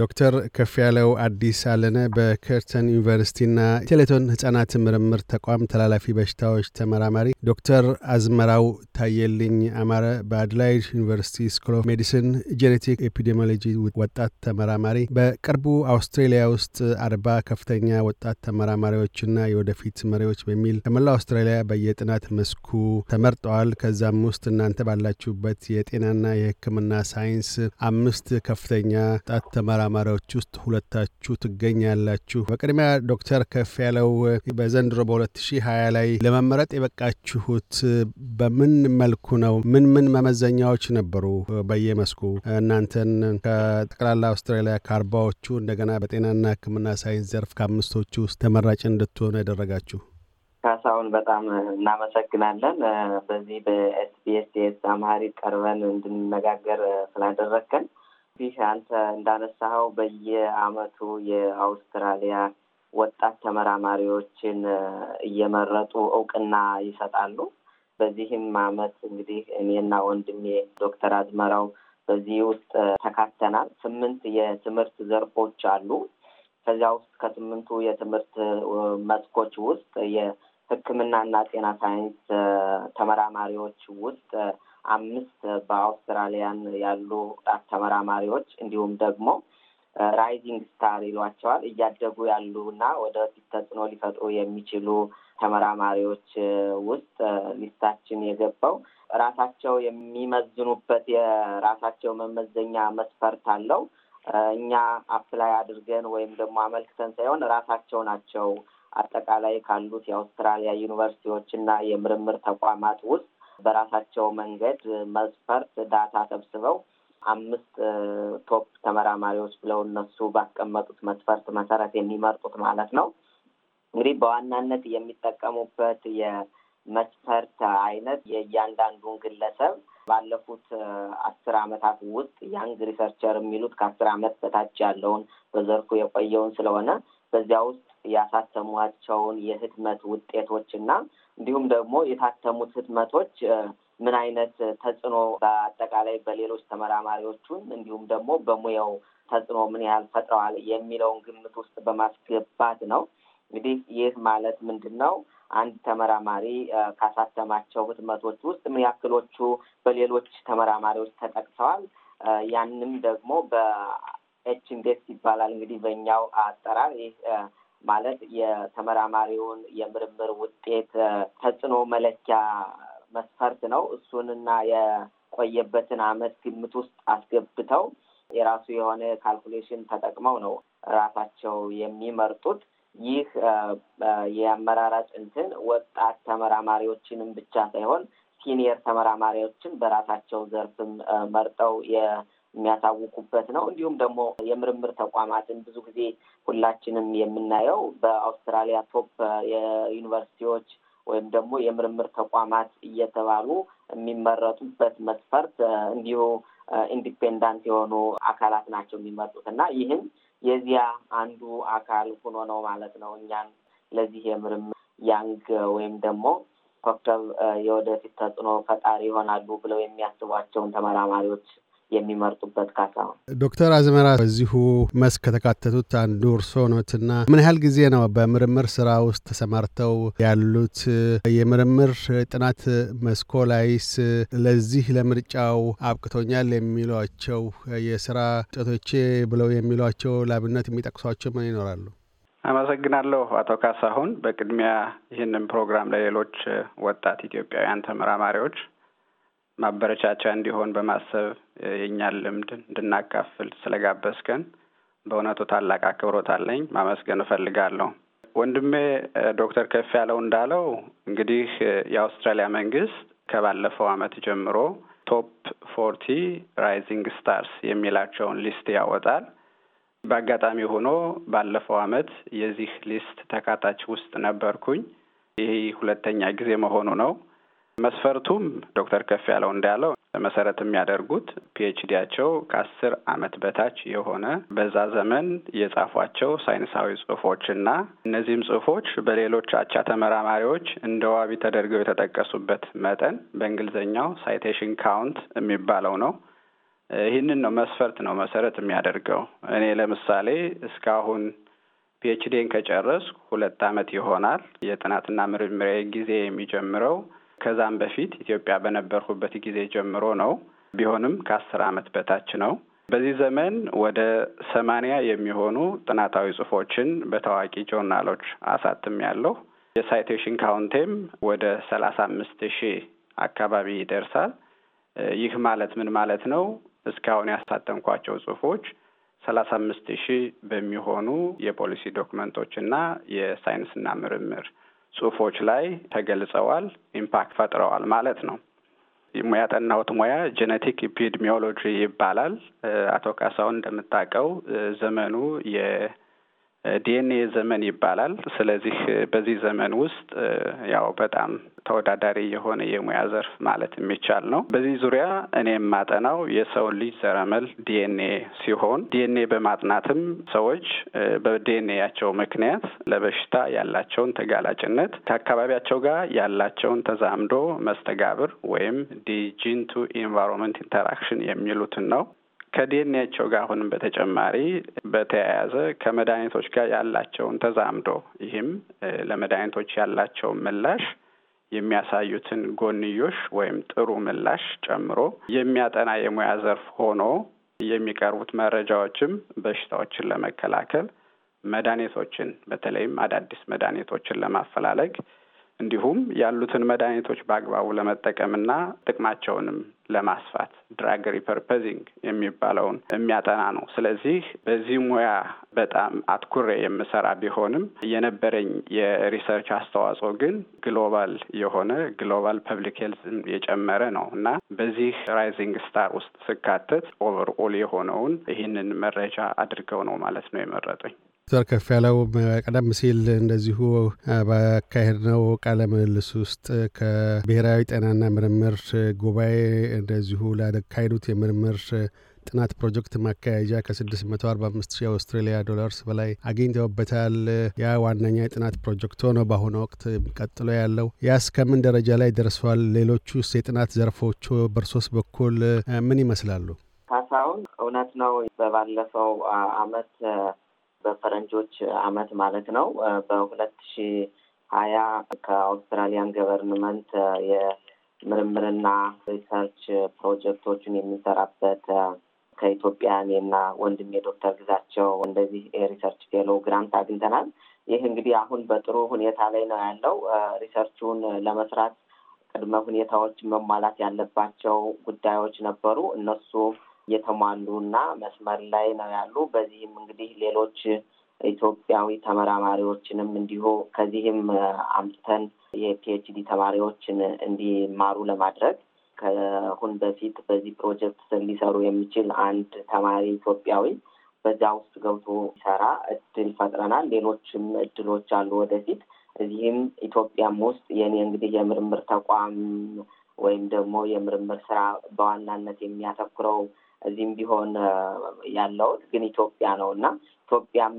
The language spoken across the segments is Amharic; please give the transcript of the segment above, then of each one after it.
ዶክተር ከፍ ያለው አዲስ አለነ በከርተን ዩኒቨርሲቲና ቴሌቶን ህጻናት ምርምር ተቋም ተላላፊ በሽታዎች ተመራማሪ፣ ዶክተር አዝመራው ታየልኝ አማረ በአድላይድ ዩኒቨርሲቲ ስኩል ኦፍ ሜዲሲን ጄኔቲክ ኤፒዲሚዮሎጂ ወጣት ተመራማሪ፣ በቅርቡ አውስትሬሊያ ውስጥ አርባ ከፍተኛ ወጣት ተመራማሪዎችና የወደፊት መሪዎች በሚል ከመላው አውስትራሊያ በየጥናት መስኩ ተመርጠዋል። ከዛም ውስጥ እናንተ ባላችሁበት የጤናና የህክምና ሳይንስ አምስት ከፍተኛ ወጣት ተመራ ተመራማሪዎች ውስጥ ሁለታችሁ ትገኛላችሁ። በቅድሚያ ዶክተር ከፍ ያለው በዘንድሮ በ2020 ላይ ለመመረጥ የበቃችሁት በምን መልኩ ነው? ምን ምን መመዘኛዎች ነበሩ? በየመስኩ እናንተን ከጠቅላላ አውስትራሊያ ከአርባዎቹ እንደገና በጤናና ሕክምና ሳይንስ ዘርፍ ከአምስቶቹ ውስጥ ተመራጭ እንድትሆኑ ያደረጋችሁ? ካሳሁን በጣም እናመሰግናለን። በዚህ በኤስቢኤስ አምሃሪክ ቀርበን እንድንነጋገር ስላደረግከን እንግዲህ አንተ እንዳነሳኸው በየአመቱ የአውስትራሊያ ወጣት ተመራማሪዎችን እየመረጡ እውቅና ይሰጣሉ። በዚህም አመት እንግዲህ እኔና ወንድሜ ዶክተር አዝመራው በዚህ ውስጥ ተካተናል። ስምንት የትምህርት ዘርፎች አሉ። ከዚያ ውስጥ ከስምንቱ የትምህርት መስኮች ውስጥ የሕክምናና ጤና ሳይንስ ተመራማሪዎች ውስጥ አምስት በአውስትራሊያን ያሉ ተመራማሪዎች እንዲሁም ደግሞ ራይዚንግ ስታር ይሏቸዋል እያደጉ ያሉ እና ወደፊት ተጽዕኖ ሊፈጥሩ የሚችሉ ተመራማሪዎች ውስጥ ሊስታችን የገባው ራሳቸው የሚመዝኑበት የራሳቸው መመዘኛ መስፈርት አለው። እኛ አፕላይ አድርገን ወይም ደግሞ አመልክተን ሳይሆን ራሳቸው ናቸው አጠቃላይ ካሉት የአውስትራሊያ ዩኒቨርሲቲዎች እና የምርምር ተቋማት ውስጥ በራሳቸው መንገድ መስፈርት ዳታ ሰብስበው አምስት ቶፕ ተመራማሪዎች ብለው እነሱ ባስቀመጡት መስፈርት መሰረት የሚመርጡት ማለት ነው። እንግዲህ በዋናነት የሚጠቀሙበት የመስፈርት አይነት የእያንዳንዱን ግለሰብ ባለፉት አስር አመታት ውስጥ ያንግ ሪሰርቸር የሚሉት ከአስር ዓመት በታች ያለውን በዘርፉ የቆየውን ስለሆነ በዚያ ውስጥ ያሳተሟቸውን የህትመት ውጤቶች እና እንዲሁም ደግሞ የታተሙት ህትመቶች ምን አይነት ተጽዕኖ በአጠቃላይ በሌሎች ተመራማሪዎቹን እንዲሁም ደግሞ በሙያው ተጽዕኖ ምን ያህል ፈጥረዋል የሚለውን ግምት ውስጥ በማስገባት ነው። እንግዲህ ይህ ማለት ምንድን ነው? አንድ ተመራማሪ ካሳተማቸው ህትመቶች ውስጥ ምን ያክሎቹ በሌሎች ተመራማሪዎች ተጠቅሰዋል? ያንም ደግሞ በኤች ኢንዴክስ ይባላል እንግዲህ በእኛው አጠራር ይህ ማለት የተመራማሪውን የምርምር ውጤት ተጽዕኖ መለኪያ መስፈርት ነው። እሱንና የቆየበትን አመት ግምት ውስጥ አስገብተው የራሱ የሆነ ካልኩሌሽን ተጠቅመው ነው ራሳቸው የሚመርጡት። ይህ የአመራራጭ እንትን ወጣት ተመራማሪዎችንም ብቻ ሳይሆን ሲኒየር ተመራማሪዎችን በራሳቸው ዘርፍም መርጠው የሚያሳውቁበት ነው። እንዲሁም ደግሞ የምርምር ተቋማትን ብዙ ጊዜ ሁላችንም የምናየው በአውስትራሊያ ቶፕ የዩኒቨርሲቲዎች ወይም ደግሞ የምርምር ተቋማት እየተባሉ የሚመረጡበት መስፈርት እንዲሁ ኢንዲፔንዳንት የሆኑ አካላት ናቸው የሚመርጡት እና ይህም የዚያ አንዱ አካል ሆኖ ነው ማለት ነው። እኛን ለዚህ የምርምር ያንግ ወይም ደግሞ ኮከብ የወደፊት ተጽዕኖ ፈጣሪ ይሆናሉ ብለው የሚያስቧቸውን ተመራማሪዎች የሚመርጡበት ነው። ዶክተር አዝመራ በዚሁ መስክ ከተካተቱት አንዱ እርስዎ ኖትና ምን ያህል ጊዜ ነው በምርምር ስራ ውስጥ ተሰማርተው ያሉት? የምርምር ጥናት መስኮ ላይስ ለዚህ ለምርጫው አብቅቶኛል የሚሏቸው የስራ ውጤቶቼ ብለው የሚሏቸው ላብነት የሚጠቅሷቸው ምን ይኖራሉ? አመሰግናለሁ አቶ ካሳሁን። በቅድሚያ ይህንን ፕሮግራም ለሌሎች ወጣት ኢትዮጵያውያን ተመራማሪዎች ማበረቻቻ እንዲሆን በማሰብ የእኛን ልምድ እንድናካፍል ስለጋበዝከን በእውነቱ ታላቅ አክብሮት አለኝ። ማመስገን እፈልጋለሁ። ወንድሜ ዶክተር ከፍ ያለው እንዳለው እንግዲህ የአውስትራሊያ መንግስት ከባለፈው አመት ጀምሮ ቶፕ ፎርቲ ራይዚንግ ስታርስ የሚላቸውን ሊስት ያወጣል። በአጋጣሚ ሆኖ ባለፈው አመት የዚህ ሊስት ተካታች ውስጥ ነበርኩኝ። ይህ ሁለተኛ ጊዜ መሆኑ ነው። መስፈርቱም ዶክተር ከፍ ያለው እንዳለው መሰረት የሚያደርጉት ፒኤችዲያቸው ከአስር አመት በታች የሆነ በዛ ዘመን የጻፏቸው ሳይንሳዊ ጽሁፎችና እነዚህም ጽሁፎች በሌሎች አቻ ተመራማሪዎች እንደ ዋቢ ተደርገው የተጠቀሱበት መጠን በእንግሊዝኛው ሳይቴሽን ካውንት የሚባለው ነው። ይህንን ነው መስፈርት ነው መሰረት የሚያደርገው። እኔ ለምሳሌ እስካሁን ፒኤችዲን ከጨረስ ሁለት አመት ይሆናል። የጥናትና ምርምሬ ጊዜ የሚጀምረው ከዛም በፊት ኢትዮጵያ በነበርኩበት ጊዜ ጀምሮ ነው። ቢሆንም ከአስር ዓመት በታች ነው። በዚህ ዘመን ወደ ሰማንያ የሚሆኑ ጥናታዊ ጽሁፎችን በታዋቂ ጆርናሎች አሳትም ያለሁ የሳይቴሽን ካውንቴም ወደ ሰላሳ አምስት ሺህ አካባቢ ይደርሳል። ይህ ማለት ምን ማለት ነው? እስካሁን ያሳተምኳቸው ጽሁፎች ሰላሳ አምስት ሺህ በሚሆኑ የፖሊሲ ዶክመንቶችና የሳይንስና ምርምር ጽሁፎች ላይ ተገልጸዋል፣ ኢምፓክት ፈጥረዋል ማለት ነው። ሙያ ያጠናሁት ሙያ ጄኔቲክ ኢፒድሚዮሎጂ ይባላል። አቶ ካሳሁን እንደምታውቀው ዘመኑ የ ዲኤንኤ ዘመን ይባላል። ስለዚህ በዚህ ዘመን ውስጥ ያው በጣም ተወዳዳሪ የሆነ የሙያ ዘርፍ ማለት የሚቻል ነው። በዚህ ዙሪያ እኔ የማጠናው የሰውን ልጅ ዘረመል ዲኤንኤ ሲሆን ዲኤንኤ በማጥናትም ሰዎች በዲኤንኤያቸው ምክንያት ለበሽታ ያላቸውን ተጋላጭነት ከአካባቢያቸው ጋር ያላቸውን ተዛምዶ መስተጋብር ወይም ዲጂን ቱ ኢንቫይሮንመንት ኢንተራክሽን የሚሉትን ነው። ከዲኤንኤያቸው ጋር አሁንም በተጨማሪ በተያያዘ ከመድኃኒቶች ጋር ያላቸውን ተዛምዶ ይህም ለመድኃኒቶች ያላቸውን ምላሽ የሚያሳዩትን ጎንዮሽ ወይም ጥሩ ምላሽ ጨምሮ የሚያጠና የሙያ ዘርፍ ሆኖ የሚቀርቡት መረጃዎችም በሽታዎችን ለመከላከል መድኃኒቶችን በተለይም አዳዲስ መድኃኒቶችን ለማፈላለግ እንዲሁም ያሉትን መድኃኒቶች በአግባቡ ለመጠቀምና ጥቅማቸውንም ለማስፋት ድራግ ሪፐርፐዚንግ የሚባለውን የሚያጠና ነው። ስለዚህ በዚህ ሙያ በጣም አትኩሬ የምሰራ ቢሆንም የነበረኝ የሪሰርች አስተዋጽኦ ግን ግሎባል የሆነ ግሎባል ፐብሊክ ሄልዝ የጨመረ ነው እና በዚህ ራይዚንግ ስታር ውስጥ ስካተት ኦቨር ኦል የሆነውን ይህንን መረጃ አድርገው ነው ማለት ነው የመረጡኝ። ዘር ከፍ ያለው ቀደም ሲል እንደዚሁ ባካሄድ ነው ቃለ ምልልስ ውስጥ ከብሔራዊ ጤናና ምርምር ጉባኤ እንደዚሁ ላካሄዱት የምርምር ጥናት ፕሮጀክት ማካሄጃ ከ645 ሺህ ዶላርስ በላይ አግኝተውበታል። ያ ዋነኛ የጥናት ፕሮጀክት ሆኖ በአሁኑ ወቅት ቀጥሎ ያለው። ያ እስከምን ደረጃ ላይ ደርሷል? ሌሎቹስ የጥናት ዘርፎቹ በእርሶስ በኩል ምን ይመስላሉ? ካሳሁን፣ እውነት ነው በባለፈው አመት በፈረንጆች አመት ማለት ነው በሁለት ሺ ሀያ ከአውስትራሊያን ገቨርንመንት ምርምርና ሪሰርች ፕሮጀክቶችን የምንሰራበት ከኢትዮጵያ እኔና ወንድሜ ዶክተር ግዛቸው እንደዚህ የሪሰርች ፌሎ ግራንት አግኝተናል። ይህ እንግዲህ አሁን በጥሩ ሁኔታ ላይ ነው ያለው። ሪሰርቹን ለመስራት ቅድመ ሁኔታዎች መሟላት ያለባቸው ጉዳዮች ነበሩ። እነሱ እየተሟሉ እና መስመር ላይ ነው ያሉ። በዚህም እንግዲህ ሌሎች ኢትዮጵያዊ ተመራማሪዎችንም እንዲሁ ከዚህም አምጥተን የፒኤችዲ ተማሪዎችን እንዲማሩ ለማድረግ ከአሁን በፊት በዚህ ፕሮጀክት ሊሰሩ የሚችል አንድ ተማሪ ኢትዮጵያዊ በዛ ውስጥ ገብቶ ሰራ እድል ፈጥረናል። ሌሎችም እድሎች አሉ ወደፊት እዚህም ኢትዮጵያም ውስጥ የኔ እንግዲህ የምርምር ተቋም ወይም ደግሞ የምርምር ስራ በዋናነት የሚያተኩረው እዚህም ቢሆን ያለው ግን ኢትዮጵያ ነው እና ኢትዮጵያም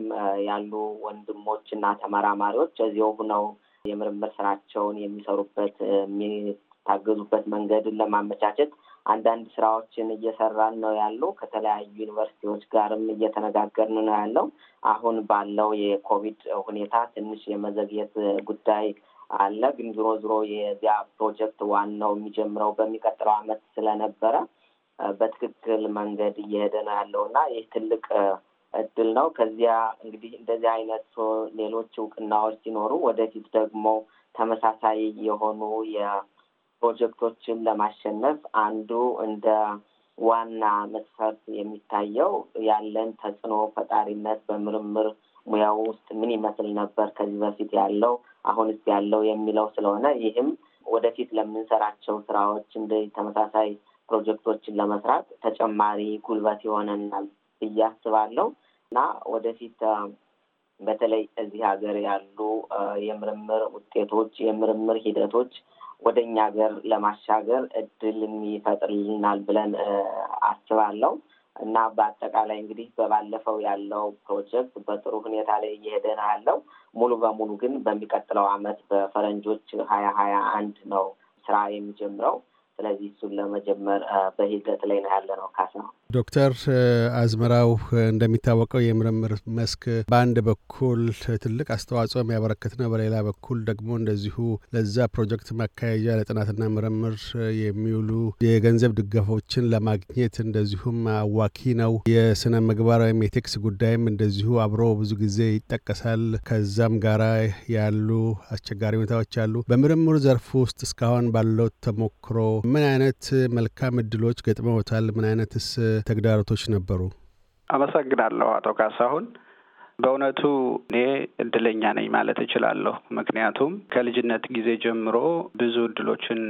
ያሉ ወንድሞች እና ተመራማሪዎች እዚሁ ሁነው የምርምር ስራቸውን የሚሰሩበት የሚታገዙበት መንገድን ለማመቻቸት አንዳንድ ስራዎችን እየሰራን ነው ያለው። ከተለያዩ ዩኒቨርሲቲዎች ጋርም እየተነጋገርን ነው ያለው። አሁን ባለው የኮቪድ ሁኔታ ትንሽ የመዘግየት ጉዳይ አለ። ግን ዞሮ ዞሮ የዚያ ፕሮጀክት ዋናው የሚጀምረው በሚቀጥለው ዓመት ስለነበረ በትክክል መንገድ እየሄደ ነው ያለው እና ይህ ትልቅ እድል ነው። ከዚያ እንግዲህ እንደዚህ አይነት ሌሎች እውቅናዎች ሲኖሩ ወደፊት ደግሞ ተመሳሳይ የሆኑ የፕሮጀክቶችን ለማሸነፍ አንዱ እንደ ዋና መስፈርት የሚታየው ያለን ተጽዕኖ ፈጣሪነት በምርምር ሙያው ውስጥ ምን ይመስል ነበር ከዚህ በፊት ያለው አሁንስ ያለው የሚለው ስለሆነ ይህም ወደፊት ለምንሰራቸው ስራዎች እንደ ተመሳሳይ ፕሮጀክቶችን ለመስራት ተጨማሪ ጉልበት ይሆነናል ብዬ አስባለሁ። እና ወደፊት በተለይ እዚህ ሀገር ያሉ የምርምር ውጤቶች፣ የምርምር ሂደቶች ወደ እኛ ሀገር ለማሻገር እድል ይፈጥርልናል ብለን አስባለሁ እና በአጠቃላይ እንግዲህ በባለፈው ያለው ፕሮጀክት በጥሩ ሁኔታ ላይ እየሄደ ነው ያለው። ሙሉ በሙሉ ግን በሚቀጥለው አመት በፈረንጆች ሀያ ሀያ አንድ ነው ስራ የሚጀምረው። ስለዚህ እሱን ለመጀመር በሂደት ላይ ነው ያለ ነው። ካሳ ዶክተር አዝመራው እንደሚታወቀው የምርምር መስክ በአንድ በኩል ትልቅ አስተዋጽኦ የሚያበረክት ነው፣ በሌላ በኩል ደግሞ እንደዚሁ ለዛ ፕሮጀክት ማካሄጃ ለጥናትና ምርምር የሚውሉ የገንዘብ ድጋፎችን ለማግኘት እንደዚሁም አዋኪ ነው። የስነ ምግባር ወይም የቴክስ ጉዳይም እንደዚሁ አብሮ ብዙ ጊዜ ይጠቀሳል። ከዛም ጋራ ያሉ አስቸጋሪ ሁኔታዎች አሉ። በምርምሩ ዘርፍ ውስጥ እስካሁን ባለው ተሞክሮ ምን አይነት መልካም እድሎች ገጥመውታል? ምን አይነትስ ተግዳሮቶች ነበሩ? አመሰግናለሁ አቶ ካሳሁን። በእውነቱ እኔ እድለኛ ነኝ ማለት እችላለሁ። ምክንያቱም ከልጅነት ጊዜ ጀምሮ ብዙ እድሎችን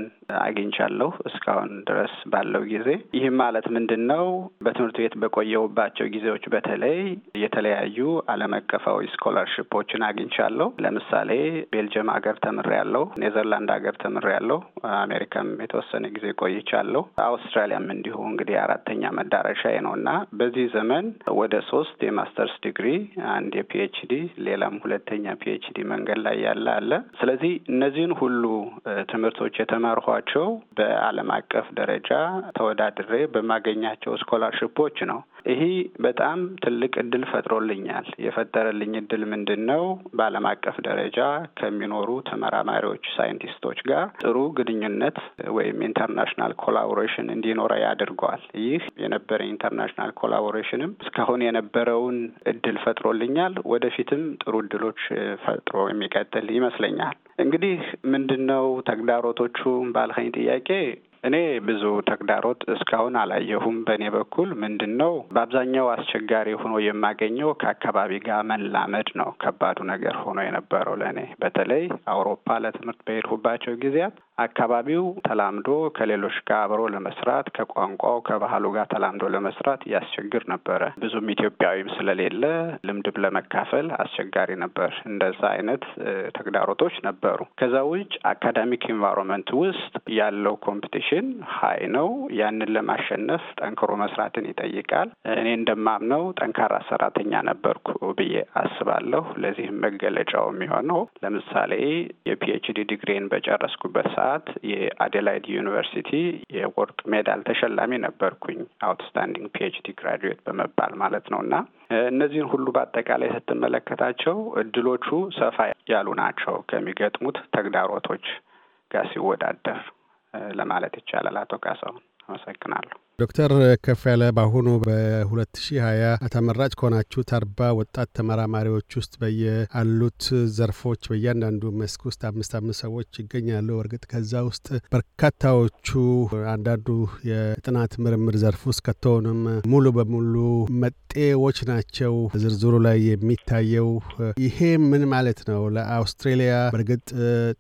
አግኝቻለሁ እስካሁን ድረስ ባለው ጊዜ። ይህም ማለት ምንድን ነው? በትምህርት ቤት በቆየውባቸው ጊዜዎች በተለይ የተለያዩ ዓለም አቀፋዊ ስኮላርሽፖችን አግኝቻለሁ። ለምሳሌ ቤልጅየም ሀገር ተምሬያለሁ፣ ኔዘርላንድ ሀገር ተምሬያለሁ፣ አሜሪካም የተወሰነ ጊዜ ቆይቻለሁ። አውስትራሊያም እንዲሁ እንግዲህ አራተኛ መዳረሻዬ ነው እና በዚህ ዘመን ወደ ሶስት የማስተርስ ዲግሪ አንድ የፒኤችዲ ሌላም ሁለተኛ ፒኤችዲ መንገድ ላይ ያለ አለ። ስለዚህ እነዚህን ሁሉ ትምህርቶች የተማርኋቸው በዓለም አቀፍ ደረጃ ተወዳድሬ በማገኛቸው ስኮላርሽፖች ነው። ይሄ በጣም ትልቅ እድል ፈጥሮልኛል። የፈጠረልኝ እድል ምንድን ነው? በዓለም አቀፍ ደረጃ ከሚኖሩ ተመራማሪዎች፣ ሳይንቲስቶች ጋር ጥሩ ግንኙነት ወይም ኢንተርናሽናል ኮላቦሬሽን እንዲኖረ ያደርገዋል። ይህ የነበረ ኢንተርናሽናል ኮላቦሬሽንም እስካሁን የነበረውን እድል ፈጥሮልኛል። ወደፊትም ጥሩ እድሎች ፈጥሮ የሚቀጥል ይመስለኛል። እንግዲህ ምንድን ነው ተግዳሮቶቹ ባልኸኝ ጥያቄ እኔ ብዙ ተግዳሮት እስካሁን አላየሁም። በእኔ በኩል ምንድን ነው በአብዛኛው አስቸጋሪ ሆኖ የማገኘው ከአካባቢ ጋር መላመድ ነው። ከባዱ ነገር ሆኖ የነበረው ለእኔ በተለይ አውሮፓ ለትምህርት በሄድሁባቸው ጊዜያት አካባቢው ተላምዶ ከሌሎች ጋር አብሮ ለመስራት ከቋንቋው ከባህሉ ጋር ተላምዶ ለመስራት ያስቸግር ነበረ። ብዙም ኢትዮጵያዊም ስለሌለ ልምድም ለመካፈል አስቸጋሪ ነበር። እንደዛ አይነት ተግዳሮቶች ነበሩ። ከዛ ውጭ አካዳሚክ ኢንቫይሮንመንት ውስጥ ያለው ኮምፒቲሽን ሀይ ነው። ያንን ለማሸነፍ ጠንክሮ መስራትን ይጠይቃል። እኔ እንደማምነው ጠንካራ ሰራተኛ ነበርኩ ብዬ አስባለሁ። ለዚህም መገለጫው የሚሆነው ለምሳሌ የፒኤችዲ ዲግሪን በጨረስኩበት ሰዓት የአዴላይድ ዩኒቨርሲቲ የወርቅ ሜዳል ተሸላሚ ነበርኩኝ። አውትስታንዲንግ ፒኤችዲ ግራጁዌት በመባል ማለት ነው እና እነዚህን ሁሉ በአጠቃላይ ስትመለከታቸው እድሎቹ ሰፋ ያሉ ናቸው ከሚገጥሙት ተግዳሮቶች ጋር ሲወዳደር ለማለት ይቻላል። አቶ ካሳሁን አመሰግናለሁ። ዶክተር ከፍ ያለ በአሁኑ በ2020 ተመራጭ ከሆናችሁት አርባ ወጣት ተመራማሪዎች ውስጥ በየአሉት ዘርፎች በእያንዳንዱ መስክ ውስጥ አምስት አምስት ሰዎች ይገኛሉ። እርግጥ ከዛ ውስጥ በርካታዎቹ አንዳንዱ የጥናት ምርምር ዘርፍ ውስጥ ከቶውንም ሙሉ በሙሉ መጥ መጤዎች ናቸው ዝርዝሩ ላይ የሚታየው። ይሄ ምን ማለት ነው? ለአውስትሬሊያ በእርግጥ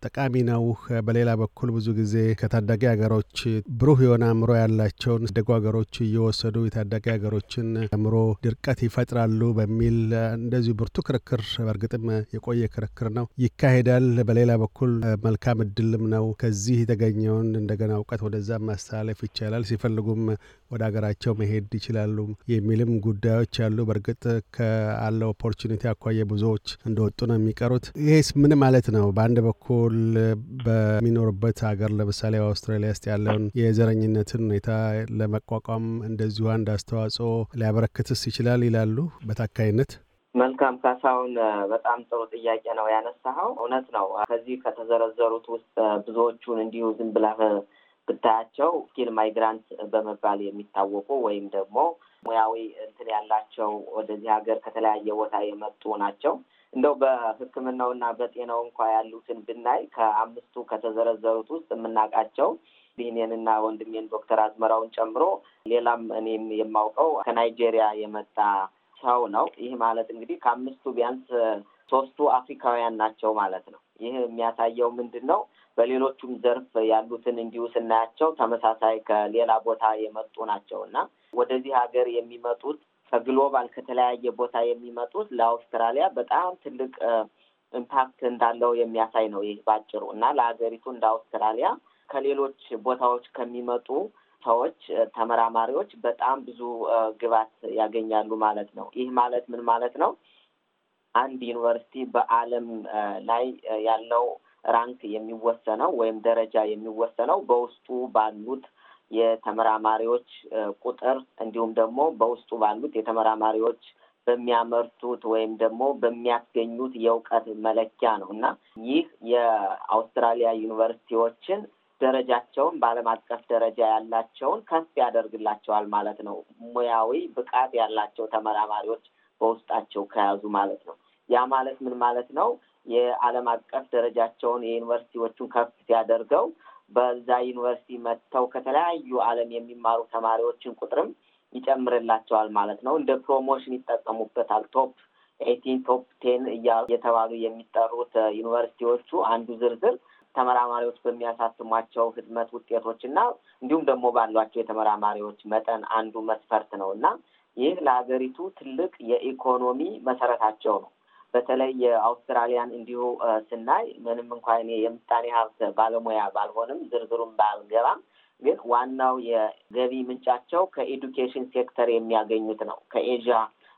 ጠቃሚ ነው። በሌላ በኩል ብዙ ጊዜ ከታዳጊ ሀገሮች ብሩህ የሆነ አእምሮ ያላቸውን ደጉ ሀገሮች እየወሰዱ የታዳጊ ሀገሮችን አእምሮ ድርቀት ይፈጥራሉ በሚል እንደዚሁ ብርቱ ክርክር፣ በእርግጥም የቆየ ክርክር ነው ይካሄዳል። በሌላ በኩል መልካም እድልም ነው። ከዚህ የተገኘውን እንደገና እውቀት ወደዛ ማስተላለፍ ይቻላል። ሲፈልጉም ወደ ሀገራቸው መሄድ ይችላሉ የሚልም ጉዳዮች ጉዳዮች ያሉ። በእርግጥ ከአለው ኦፖርቹኒቲ አኳየ ብዙዎች እንደወጡ ነው የሚቀሩት። ይህስ ምን ማለት ነው? በአንድ በኩል በሚኖርበት ሀገር ለምሳሌ በአውስትራሊያ ውስጥ ያለውን የዘረኝነትን ሁኔታ ለመቋቋም እንደዚሁ አንድ አስተዋጽኦ ሊያበረክትስ ይችላል ይላሉ በታካይነት። መልካም ካሳሁን፣ በጣም ጥሩ ጥያቄ ነው ያነሳኸው። እውነት ነው። ከዚህ ከተዘረዘሩት ውስጥ ብዙዎቹን እንዲሁ ዝም ብለህ ብታያቸው ስኪል ማይግራንት በመባል የሚታወቁ ወይም ደግሞ ሙያዊ እንትን ያላቸው ወደዚህ ሀገር ከተለያየ ቦታ የመጡ ናቸው። እንደው በሕክምናውና በጤናው እንኳ ያሉትን ብናይ ከአምስቱ ከተዘረዘሩት ውስጥ የምናውቃቸው ዲኔንና ወንድሜን ዶክተር አዝመራውን ጨምሮ ሌላም እኔም የማውቀው ከናይጄሪያ የመጣ ሰው ነው። ይህ ማለት እንግዲህ ከአምስቱ ቢያንስ ሶስቱ አፍሪካውያን ናቸው ማለት ነው። ይህ የሚያሳየው ምንድን ነው? በሌሎቹም ዘርፍ ያሉትን እንዲሁ ስናያቸው ተመሳሳይ ከሌላ ቦታ የመጡ ናቸው እና ወደዚህ ሀገር የሚመጡት ከግሎባል ከተለያየ ቦታ የሚመጡት ለአውስትራሊያ በጣም ትልቅ ኢምፓክት እንዳለው የሚያሳይ ነው ይህ ባጭሩ እና ለሀገሪቱ እንደ አውስትራሊያ ከሌሎች ቦታዎች ከሚመጡ ሰዎች ተመራማሪዎች በጣም ብዙ ግባት ያገኛሉ ማለት ነው። ይህ ማለት ምን ማለት ነው? አንድ ዩኒቨርሲቲ በዓለም ላይ ያለው ራንክ የሚወሰነው ወይም ደረጃ የሚወሰነው በውስጡ ባሉት የተመራማሪዎች ቁጥር እንዲሁም ደግሞ በውስጡ ባሉት የተመራማሪዎች በሚያመርቱት ወይም ደግሞ በሚያስገኙት የእውቀት መለኪያ ነው እና ይህ የአውስትራሊያ ዩኒቨርሲቲዎችን ደረጃቸውን በዓለም አቀፍ ደረጃ ያላቸውን ከፍ ያደርግላቸዋል ማለት ነው። ሙያዊ ብቃት ያላቸው ተመራማሪዎች በውስጣቸው ከያዙ ማለት ነው። ያ ማለት ምን ማለት ነው? የዓለም አቀፍ ደረጃቸውን የዩኒቨርሲቲዎቹን ከፍ ሲያደርገው በዛ ዩኒቨርሲቲ መጥተው ከተለያዩ ዓለም የሚማሩ ተማሪዎችን ቁጥርም ይጨምርላቸዋል ማለት ነው። እንደ ፕሮሞሽን ይጠቀሙበታል። ቶፕ ኤቲን ቶፕ ቴን እየተባሉ የሚጠሩት ዩኒቨርሲቲዎቹ አንዱ ዝርዝር ተመራማሪዎች በሚያሳትሟቸው ህትመት ውጤቶች እና እንዲሁም ደግሞ ባሏቸው የተመራማሪዎች መጠን አንዱ መስፈርት ነው እና ይህ ለሀገሪቱ ትልቅ የኢኮኖሚ መሰረታቸው ነው። በተለይ የአውስትራሊያን እንዲሁ ስናይ ምንም እንኳ እኔ የምጣኔ ሀብት ባለሙያ ባልሆንም ዝርዝሩን ባልገባም ግን ዋናው የገቢ ምንጫቸው ከኤዱኬሽን ሴክተር የሚያገኙት ነው። ከኤዥያ፣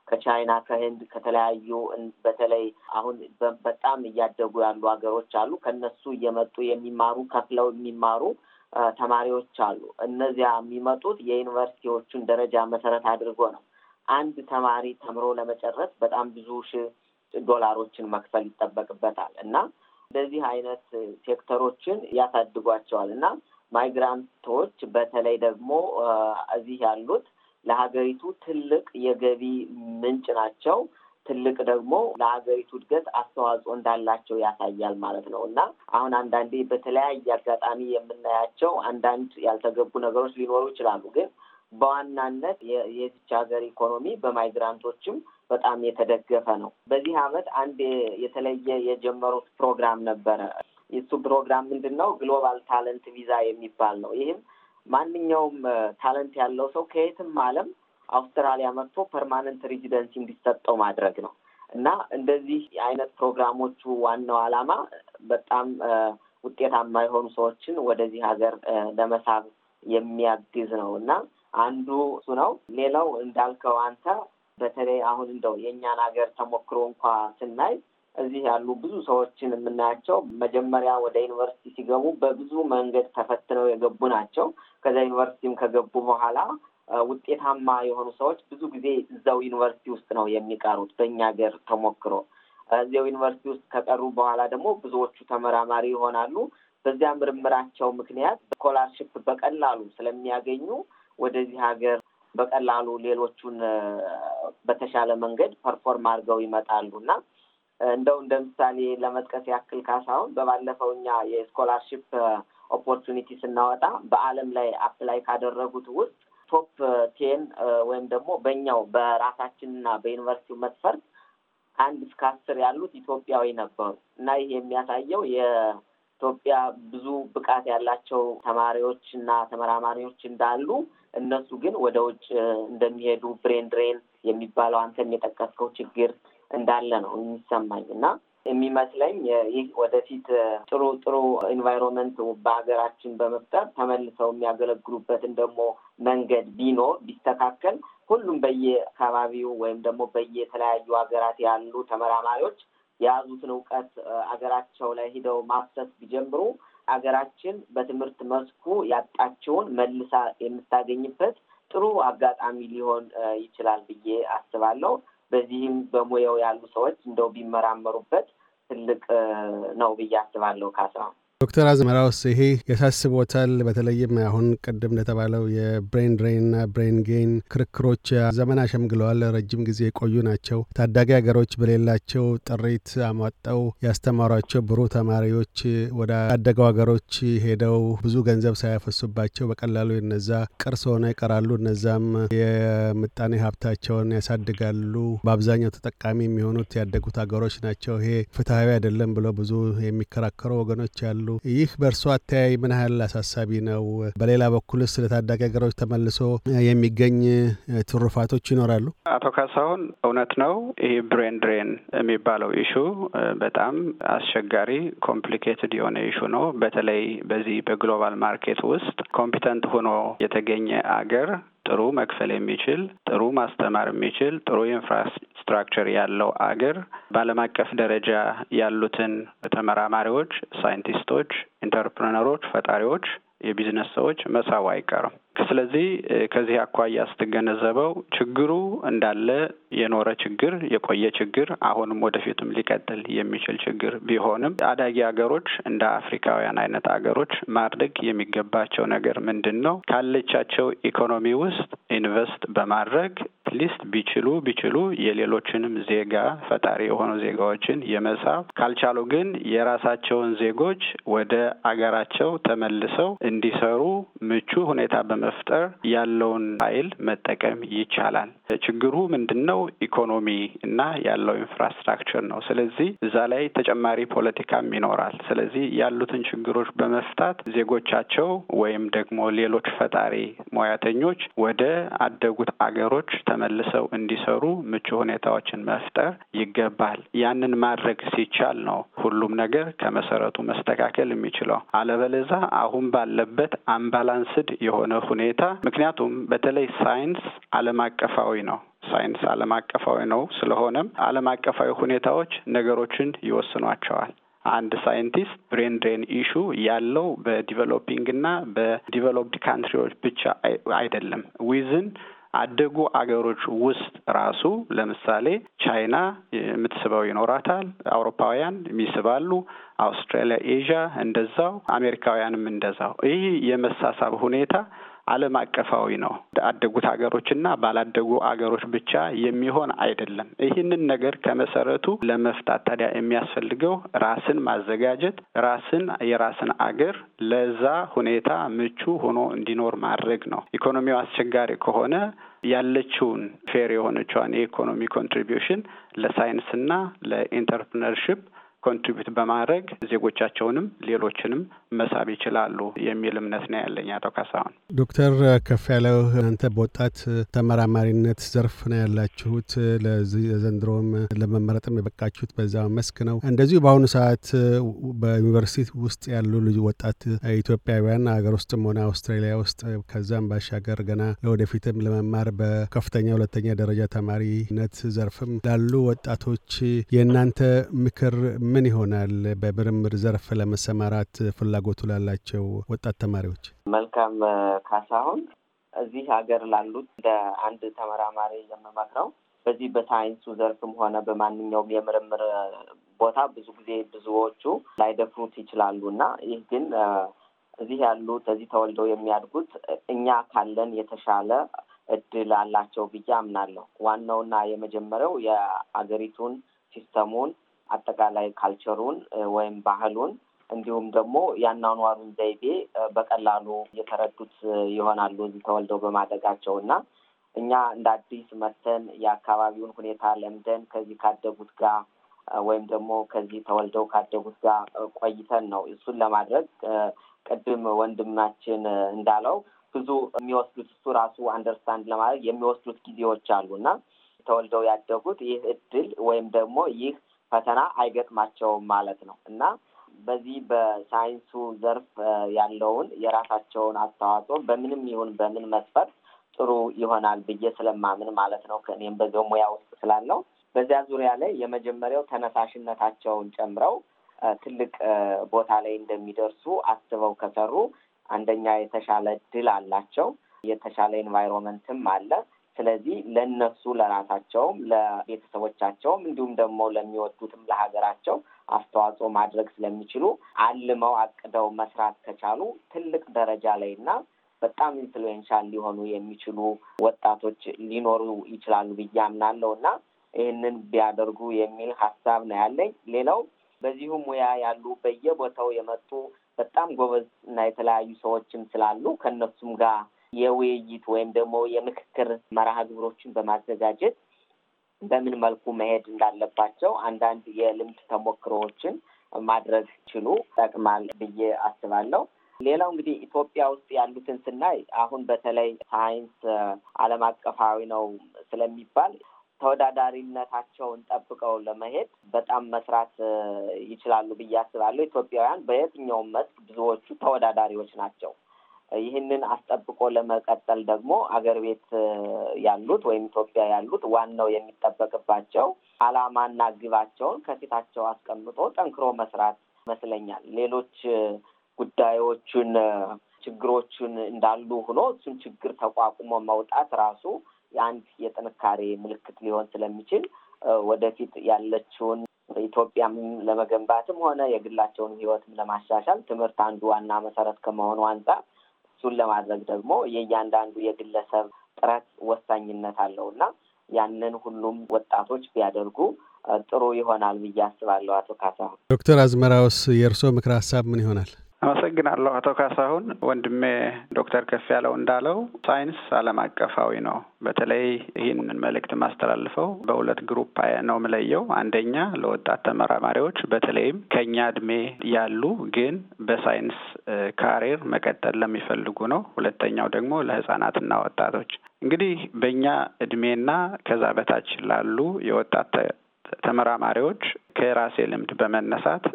ከቻይና፣ ከህንድ፣ ከተለያዩ በተለይ አሁን በጣም እያደጉ ያሉ ሀገሮች አሉ። ከነሱ እየመጡ የሚማሩ ከፍለው የሚማሩ ተማሪዎች አሉ። እነዚያ የሚመጡት የዩኒቨርሲቲዎቹን ደረጃ መሰረት አድርጎ ነው። አንድ ተማሪ ተምሮ ለመጨረስ በጣም ብዙ ሺህ ዶላሮችን መክፈል ይጠበቅበታል እና እንደዚህ አይነት ሴክተሮችን ያሳድጓቸዋል እና ማይግራንቶች በተለይ ደግሞ እዚህ ያሉት ለሀገሪቱ ትልቅ የገቢ ምንጭ ናቸው። ትልቅ ደግሞ ለሀገሪቱ እድገት አስተዋጽኦ እንዳላቸው ያሳያል ማለት ነው እና አሁን አንዳንዴ በተለያየ አጋጣሚ የምናያቸው አንዳንድ ያልተገቡ ነገሮች ሊኖሩ ይችላሉ ግን በዋናነት የዚች ሀገር ኢኮኖሚ በማይግራንቶችም በጣም የተደገፈ ነው። በዚህ አመት አንድ የተለየ የጀመሩት ፕሮግራም ነበረ። የሱ ፕሮግራም ምንድን ነው? ግሎባል ታለንት ቪዛ የሚባል ነው። ይህም ማንኛውም ታለንት ያለው ሰው ከየትም ዓለም አውስትራሊያ መጥቶ ፐርማነንት ሬዚደንሲ እንዲሰጠው ማድረግ ነው እና እንደዚህ አይነት ፕሮግራሞቹ ዋናው ዓላማ በጣም ውጤታማ የሆኑ ሰዎችን ወደዚህ ሀገር ለመሳብ የሚያግዝ ነው እና አንዱ እሱ ነው። ሌላው እንዳልከው አንተ በተለይ አሁን እንደው የእኛን ሀገር ተሞክሮ እንኳ ስናይ እዚህ ያሉ ብዙ ሰዎችን የምናያቸው መጀመሪያ ወደ ዩኒቨርሲቲ ሲገቡ በብዙ መንገድ ተፈትነው የገቡ ናቸው። ከዛ ዩኒቨርሲቲም ከገቡ በኋላ ውጤታማ የሆኑ ሰዎች ብዙ ጊዜ እዛው ዩኒቨርሲቲ ውስጥ ነው የሚቀሩት። በእኛ ሀገር ተሞክሮ እዚያው ዩኒቨርሲቲ ውስጥ ከቀሩ በኋላ ደግሞ ብዙዎቹ ተመራማሪ ይሆናሉ። በዚያ ምርምራቸው ምክንያት ስኮላርሽፕ በቀላሉ ስለሚያገኙ ወደዚህ ሀገር በቀላሉ ሌሎቹን በተሻለ መንገድ ፐርፎርም አድርገው ይመጣሉ እና እንደው እንደ ምሳሌ ለመጥቀስ ያክል ካሳሁን በባለፈው እኛ የስኮላርሺፕ ኦፖርቹኒቲ ስናወጣ በዓለም ላይ አፕላይ ካደረጉት ውስጥ ቶፕ ቴን ወይም ደግሞ በእኛው በራሳችንና በዩኒቨርሲቲው መስፈርት ከአንድ እስከ አስር ያሉት ኢትዮጵያዊ ነበሩ እና ይህ የሚያሳየው የኢትዮጵያ ብዙ ብቃት ያላቸው ተማሪዎች እና ተመራማሪዎች እንዳሉ እነሱ ግን ወደ ውጭ እንደሚሄዱ ብሬን ድሬን የሚባለው አንተም የጠቀስከው ችግር እንዳለ ነው የሚሰማኝ እና የሚመስለኝ ይህ ወደፊት ጥሩ ጥሩ ኢንቫይሮንመንት በሀገራችን በመፍጠር ተመልሰው የሚያገለግሉበትን ደግሞ መንገድ ቢኖር ቢስተካከል ሁሉም በየአካባቢው ወይም ደግሞ በየተለያዩ ሀገራት ያሉ ተመራማሪዎች የያዙትን እውቀት አገራቸው ላይ ሂደው ማፍሰስ ቢጀምሩ አገራችን በትምህርት መስኩ ያጣችውን መልሳ የምታገኝበት ጥሩ አጋጣሚ ሊሆን ይችላል ብዬ አስባለሁ። በዚህም በሙያው ያሉ ሰዎች እንደው ቢመራመሩበት ትልቅ ነው ብዬ አስባለሁ ካስራ ዶክተር አዝመራውስ ይሄ ያሳስቦታል? በተለይም አሁን ቅድም እንደተባለው የብሬን ድሬንና ብሬን ጌን ክርክሮች ዘመን አሸምግለዋል፣ ረጅም ጊዜ የቆዩ ናቸው። ታዳጊ ሀገሮች በሌላቸው ጥሪት አሟጠው ያስተማሯቸው ብሩህ ተማሪዎች ወደ አደገው ሀገሮች ሄደው ብዙ ገንዘብ ሳያፈሱባቸው በቀላሉ እነዛ ቅርስ ሆነ ይቀራሉ። እነዛም የምጣኔ ሀብታቸውን ያሳድጋሉ። በአብዛኛው ተጠቃሚ የሚሆኑት ያደጉት ሀገሮች ናቸው። ይሄ ፍትሐዊ አይደለም ብለው ብዙ የሚከራከሩ ወገኖች አሉ። ይችላሉ። ይህ በእርሶ አተያይ ምን ያህል አሳሳቢ ነው? በሌላ በኩልስ ለታዳጊ ሀገሮች ተመልሶ የሚገኝ ትሩፋቶች ይኖራሉ? አቶ ካሳሁን እውነት ነው። ይህ ብሬን ድሬን የሚባለው ኢሹ በጣም አስቸጋሪ ኮምፕሊኬትድ የሆነ ኢሹ ነው። በተለይ በዚህ በግሎባል ማርኬት ውስጥ ኮምፒተንት ሆኖ የተገኘ አገር ጥሩ መክፈል የሚችል ጥሩ ማስተማር የሚችል ጥሩ ስትራክቸር ያለው አገር በዓለም አቀፍ ደረጃ ያሉትን ተመራማሪዎች፣ ሳይንቲስቶች፣ ኢንተርፕረነሮች፣ ፈጣሪዎች፣ የቢዝነስ ሰዎች መሳቡ አይቀርም። ስለዚህ ከዚህ አኳያ ስትገነዘበው ችግሩ እንዳለ የኖረ ችግር የቆየ ችግር አሁንም ወደፊትም ሊቀጥል የሚችል ችግር ቢሆንም አዳጊ ሀገሮች እንደ አፍሪካውያን አይነት ሀገሮች ማድረግ የሚገባቸው ነገር ምንድን ነው? ካለቻቸው ኢኮኖሚ ውስጥ ኢንቨስት በማድረግ ሊስት ቢችሉ ቢችሉ የሌሎችንም ዜጋ ፈጣሪ የሆኑ ዜጋዎችን የመሳብ ካልቻሉ ግን የራሳቸውን ዜጎች ወደ አገራቸው ተመልሰው እንዲሰሩ ምቹ ሁኔታ በመፍጠር ያለውን ኃይል መጠቀም ይቻላል። ችግሩ ምንድን ነው? ኢኮኖሚ እና ያለው ኢንፍራስትራክቸር ነው። ስለዚህ እዛ ላይ ተጨማሪ ፖለቲካም ይኖራል። ስለዚህ ያሉትን ችግሮች በመፍታት ዜጎቻቸው ወይም ደግሞ ሌሎች ፈጣሪ ሙያተኞች ወደ አደጉት አገሮች ተመልሰው እንዲሰሩ ምቹ ሁኔታዎችን መፍጠር ይገባል። ያንን ማድረግ ሲቻል ነው ሁሉም ነገር ከመሰረቱ መስተካከል የሚችለው። አለበለዛ አሁን ባለበት አምባላንስድ የሆነ ሁኔታ ምክንያቱም በተለይ ሳይንስ ዓለም አቀፋዊ ነው። ሳይንስ ዓለም አቀፋዊ ነው። ስለሆነም ዓለም አቀፋዊ ሁኔታዎች ነገሮችን ይወስኗቸዋል። አንድ ሳይንቲስት ብሬን ድሬን ኢሹ ያለው በዲቨሎፒንግ እና በዲቨሎፕድ ካንትሪዎች ብቻ አይደለም ዊዝን አደጉ አገሮች ውስጥ ራሱ ለምሳሌ ቻይና የምትስበው ይኖራታል። አውሮፓውያን የሚስባሉ፣ አውስትራሊያ፣ ኤዥያ እንደዛው፣ አሜሪካውያንም እንደዛው። ይህ የመሳሳብ ሁኔታ ዓለም አቀፋዊ ነው። አደጉት ሀገሮችና ባላደጉ አገሮች ብቻ የሚሆን አይደለም። ይህንን ነገር ከመሰረቱ ለመፍታት ታዲያ የሚያስፈልገው ራስን ማዘጋጀት፣ ራስን የራስን አገር ለዛ ሁኔታ ምቹ ሆኖ እንዲኖር ማድረግ ነው። ኢኮኖሚው አስቸጋሪ ከሆነ ያለችውን ፌር የሆነችዋን የኢኮኖሚ ኮንትሪቢሽን ለሳይንስና ለኢንተርፕርነርሽፕ ኮንትሪቢዩት በማድረግ ዜጎቻቸውንም ሌሎችንም መሳብ ይችላሉ የሚል እምነት ነው ያለኝ። አቶ ካሳሁን። ዶክተር ከፍ ያለው እናንተ በወጣት ተመራማሪነት ዘርፍ ነው ያላችሁት። ለዚህ ዘንድሮም ለመመረጥም የበቃችሁት በዛ መስክ ነው። እንደዚሁ በአሁኑ ሰዓት በዩኒቨርሲቲ ውስጥ ያሉ ወጣት ኢትዮጵያውያን ሀገር ውስጥም ሆነ አውስትራሊያ ውስጥ ከዛም ባሻገር ገና ለወደፊትም ለመማር በከፍተኛ ሁለተኛ ደረጃ ተማሪነት ዘርፍም ላሉ ወጣቶች የእናንተ ምክር ምን ይሆናል? በምርምር ዘርፍ ለመሰማራት ፍላጎት ፍላጎቱ ላላቸው ወጣት ተማሪዎች? መልካም ካሳሁን፣ እዚህ ሀገር ላሉት እንደ አንድ ተመራማሪ የምመክረው በዚህ በሳይንሱ ዘርፍም ሆነ በማንኛውም የምርምር ቦታ ብዙ ጊዜ ብዙዎቹ ላይደፍሩት ይችላሉ እና ይህ ግን እዚህ ያሉት እዚህ ተወልደው የሚያድጉት እኛ ካለን የተሻለ እድል አላቸው ብዬ አምናለሁ። ዋናውና የመጀመሪያው የአገሪቱን ሲስተሙን አጠቃላይ ካልቸሩን ወይም ባህሉን እንዲሁም ደግሞ የአኗኗሩን ዘይቤ በቀላሉ የተረዱት ይሆናሉ እዚህ ተወልደው በማደጋቸው እና እኛ እንደ አዲስ መተን የአካባቢውን ሁኔታ ለምደን ከዚህ ካደጉት ጋር ወይም ደግሞ ከዚህ ተወልደው ካደጉት ጋር ቆይተን ነው እሱን ለማድረግ ቅድም ወንድማችን እንዳለው ብዙ የሚወስዱት እሱ ራሱ አንደርስታንድ ለማድረግ የሚወስዱት ጊዜዎች አሉ እና ተወልደው ያደጉት ይህ እድል ወይም ደግሞ ይህ ፈተና አይገጥማቸውም ማለት ነው እና በዚህ በሳይንሱ ዘርፍ ያለውን የራሳቸውን አስተዋጽኦ በምንም ይሁን በምን መስፈርት ጥሩ ይሆናል ብዬ ስለማምን ማለት ነው። ከእኔም በዚያው ሙያ ውስጥ ስላለው በዚያ ዙሪያ ላይ የመጀመሪያው ተነሳሽነታቸውን ጨምረው ትልቅ ቦታ ላይ እንደሚደርሱ አስበው ከሰሩ አንደኛ የተሻለ ድል አላቸው፣ የተሻለ ኤንቫይሮንመንትም አለ። ስለዚህ ለእነሱ ለራሳቸውም ለቤተሰቦቻቸውም እንዲሁም ደግሞ ለሚወዱትም ለሀገራቸው አስተዋጽኦ ማድረግ ስለሚችሉ አልመው አቅደው መስራት ከቻሉ ትልቅ ደረጃ ላይ እና በጣም ኢንፍሉዌንሻል ሊሆኑ የሚችሉ ወጣቶች ሊኖሩ ይችላሉ ብዬ አምናለሁ እና ይህንን ቢያደርጉ የሚል ሀሳብ ነው ያለኝ። ሌላው በዚሁ ሙያ ያሉ በየቦታው የመጡ በጣም ጎበዝ እና የተለያዩ ሰዎችም ስላሉ ከእነሱም ጋር የውይይት ወይም ደግሞ የምክክር መርሃ ግብሮችን በማዘጋጀት በምን መልኩ መሄድ እንዳለባቸው አንዳንድ የልምድ ተሞክሮዎችን ማድረግ ችሉ ጠቅማል ብዬ አስባለሁ። ሌላው እንግዲህ ኢትዮጵያ ውስጥ ያሉትን ስናይ አሁን በተለይ ሳይንስ ዓለም አቀፋዊ ነው ስለሚባል ተወዳዳሪነታቸውን ጠብቀው ለመሄድ በጣም መስራት ይችላሉ ብዬ አስባለሁ። ኢትዮጵያውያን በየትኛውም መስክ ብዙዎቹ ተወዳዳሪዎች ናቸው። ይህንን አስጠብቆ ለመቀጠል ደግሞ አገር ቤት ያሉት ወይም ኢትዮጵያ ያሉት ዋናው የሚጠበቅባቸው ዓላማና ግባቸውን ከፊታቸው አስቀምጦ ጠንክሮ መስራት ይመስለኛል። ሌሎች ጉዳዮቹን ችግሮቹን እንዳሉ ሆኖ እሱን ችግር ተቋቁሞ መውጣት ራሱ የአንድ የጥንካሬ ምልክት ሊሆን ስለሚችል ወደፊት ያለችውን ኢትዮጵያም ለመገንባትም ሆነ የግላቸውን ሕይወትም ለማሻሻል ትምህርት አንዱ ዋና መሰረት ከመሆኑ አንጻር እሱን ለማድረግ ደግሞ የእያንዳንዱ የግለሰብ ጥረት ወሳኝነት አለው እና ያንን ሁሉም ወጣቶች ቢያደርጉ ጥሩ ይሆናል ብዬ አስባለሁ። አቶ ካሳ ዶክተር አዝመራውስ የእርስዎ ምክር ሀሳብ ምን ይሆናል? አመሰግናለሁ አቶ ካሳሁን። ወንድሜ ዶክተር ከፍ ያለው እንዳለው ሳይንስ ዓለም አቀፋዊ ነው። በተለይ ይህንን መልእክት ማስተላልፈው በሁለት ግሩፕ ነው ምለየው። አንደኛ ለወጣት ተመራማሪዎች በተለይም ከኛ እድሜ ያሉ ግን በሳይንስ ካሬር መቀጠል ለሚፈልጉ ነው። ሁለተኛው ደግሞ ለህጻናትና ወጣቶች እንግዲህ በእኛ እድሜና ከዛ በታች ላሉ የወጣት ተመራማሪዎች ከራሴ ልምድ በመነሳት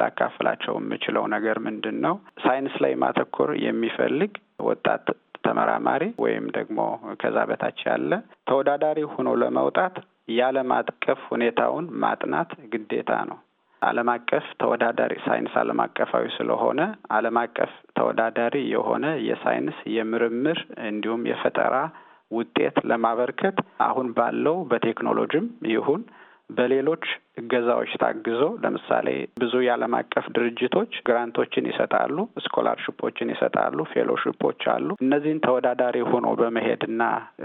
ላካፍላቸው የምችለው ነገር ምንድን ነው? ሳይንስ ላይ ማተኮር የሚፈልግ ወጣት ተመራማሪ ወይም ደግሞ ከዛ በታች ያለ ተወዳዳሪ ሆኖ ለመውጣት የዓለም አቀፍ ሁኔታውን ማጥናት ግዴታ ነው። ዓለም አቀፍ ተወዳዳሪ ሳይንስ ዓለም አቀፋዊ ስለሆነ ዓለም አቀፍ ተወዳዳሪ የሆነ የሳይንስ የምርምር እንዲሁም የፈጠራ ውጤት ለማበርከት አሁን ባለው በቴክኖሎጂም ይሁን በሌሎች እገዛዎች ታግዞ ለምሳሌ ብዙ የዓለም አቀፍ ድርጅቶች ግራንቶችን ይሰጣሉ፣ ስኮላርሽፖችን ይሰጣሉ፣ ፌሎሽፖች አሉ። እነዚህን ተወዳዳሪ ሆኖ በመሄድና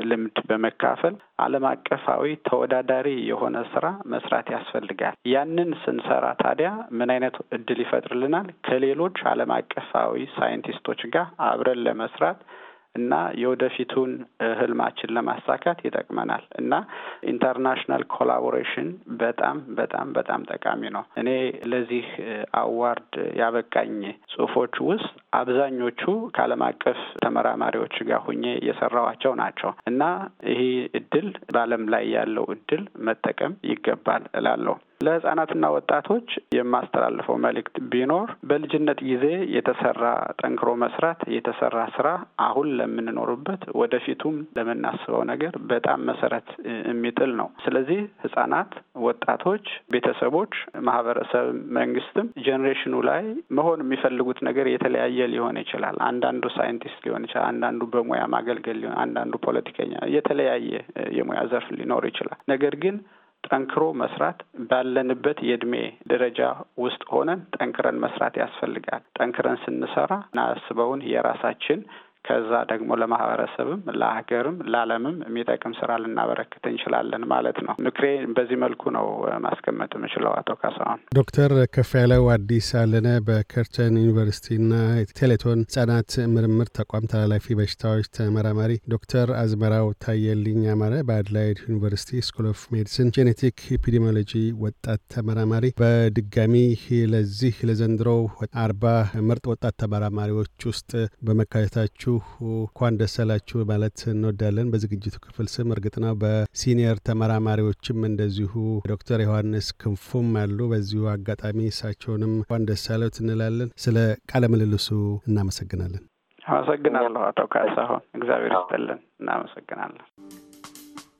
ልምድ በመካፈል ዓለም አቀፋዊ ተወዳዳሪ የሆነ ስራ መስራት ያስፈልጋል። ያንን ስንሰራ ታዲያ ምን አይነት እድል ይፈጥርልናል? ከሌሎች ዓለም አቀፋዊ ሳይንቲስቶች ጋር አብረን ለመስራት እና የወደፊቱን ህልማችን ለማሳካት ይጠቅመናል እና ኢንተርናሽናል ኮላቦሬሽን በጣም በጣም በጣም ጠቃሚ ነው። እኔ ለዚህ አዋርድ ያበቃኝ ጽሁፎች ውስጥ አብዛኞቹ ከዓለም አቀፍ ተመራማሪዎች ጋር ሁኜ የሰራኋቸው ናቸው እና ይህ እድል በዓለም ላይ ያለው እድል መጠቀም ይገባል እላለሁ። ለህጻናትና ወጣቶች የማስተላልፈው መልእክት ቢኖር በልጅነት ጊዜ የተሰራ ጠንክሮ መስራት የተሰራ ስራ አሁን ለምንኖርበት ወደፊቱም ለምናስበው ነገር በጣም መሰረት የሚጥል ነው። ስለዚህ ህጻናት፣ ወጣቶች፣ ቤተሰቦች፣ ማህበረሰብ፣ መንግስትም ጄኔሬሽኑ ላይ መሆን የሚፈልጉት ነገር የተለያየ ሊሆን ይችላል። አንዳንዱ ሳይንቲስት ሊሆን ይችላል። አንዳንዱ በሙያ ማገልገል ሊሆን፣ አንዳንዱ ፖለቲከኛ፣ የተለያየ የሙያ ዘርፍ ሊኖር ይችላል። ነገር ግን ጠንክሮ መስራት ባለንበት የእድሜ ደረጃ ውስጥ ሆነን ጠንክረን መስራት ያስፈልጋል። ጠንክረን ስንሰራ እናስበውን የራሳችን ከዛ ደግሞ ለማህበረሰብም ለሀገርም ለዓለምም የሚጠቅም ስራ ልናበረክት እንችላለን ማለት ነው። ምክሬ በዚህ መልኩ ነው ማስቀመጥ የምችለው። አቶ ካሳሁን ዶክተር ከፍ ያለው አዲስ አለነ በከርተን ዩኒቨርሲቲና ቴሌቶን ህጻናት ምርምር ተቋም ተላላፊ በሽታዎች ተመራማሪ፣ ዶክተር አዝመራው ታየልኝ አማረ በአድላይድ ዩኒቨርሲቲ ስኩል ኦፍ ሜዲሲን ጄኔቲክ ኢፒዲሚዮሎጂ ወጣት ተመራማሪ፣ በድጋሚ ለዚህ ለዘንድሮ አርባ ምርጥ ወጣት ተመራማሪዎች ውስጥ በመካተታችሁ ሁላችሁ እንኳን ደስ ማለት እንወዳለን በዝግጅቱ ክፍል ስም። እርግጥ ነው በሲኒየር ተመራማሪዎችም እንደዚሁ ዶክተር ዮሐንስ ክንፉም አሉ። በዚሁ አጋጣሚ እሳቸውንም እንኳን ደስ እንላለን። ስለ ቃለ ምልልሱ እናመሰግናለን። አመሰግናለሁ አቶ ካሳሁን። እግዚአብሔር ይስጥልን። እናመሰግናለን።